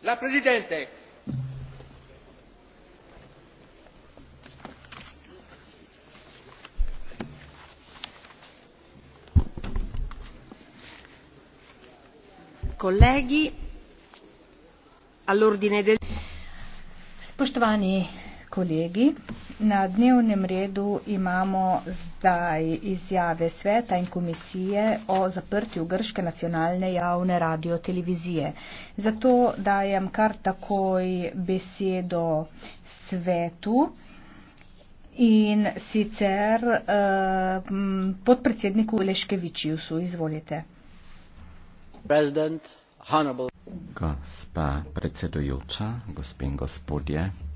La Presidente. Colleghi, all'ordine del... Spostovani colleghi, Na dnevnem redu imamo zdaj izjave sveta in komisije o zaprtju Grške nacionalne javne radiotelevizije. Zato dajem kar takoj besedo svetu in sicer eh, podpredsedniku Leškevičiusu. Izvolite. Gospa predsedujoča, gospe in gospodje.